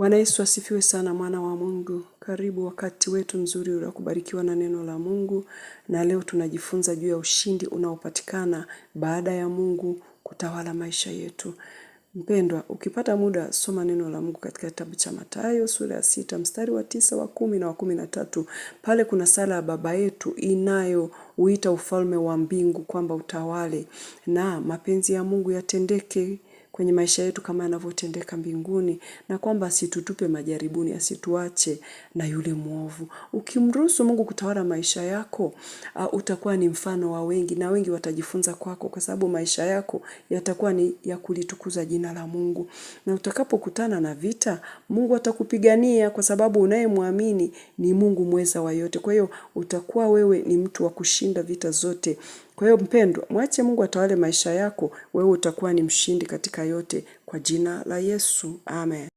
Bwana Yesu asifiwe sana, mwana wa Mungu. Karibu wakati wetu mzuri wa kubarikiwa na neno la Mungu, na leo tunajifunza juu ya ushindi unaopatikana baada ya Mungu kutawala maisha yetu. Mpendwa, ukipata muda soma neno la Mungu katika kitabu cha Mathayo sura ya sita mstari wa tisa wa kumi na wa kumi na tatu. Pale kuna sala ya Baba yetu inayouita ufalme wa mbingu kwamba utawale na mapenzi ya Mungu yatendeke kwenye maisha yetu kama yanavyotendeka mbinguni, na kwamba asitutupe majaribuni, asituache na yule mwovu. Ukimruhusu Mungu kutawala maisha yako, uh, utakuwa ni mfano wa wengi na wengi watajifunza kwako, kwa sababu maisha yako yatakuwa ni ya kulitukuza jina la Mungu. Na utakapokutana na vita, Mungu atakupigania kwa sababu unayemwamini ni Mungu mweza wa yote. Kwa hiyo utakuwa wewe ni mtu wa kushinda vita zote. Kwa hiyo mpendwa, mwache Mungu atawale maisha yako, wewe utakuwa ni mshindi katika yote kwa jina la Yesu. Amen.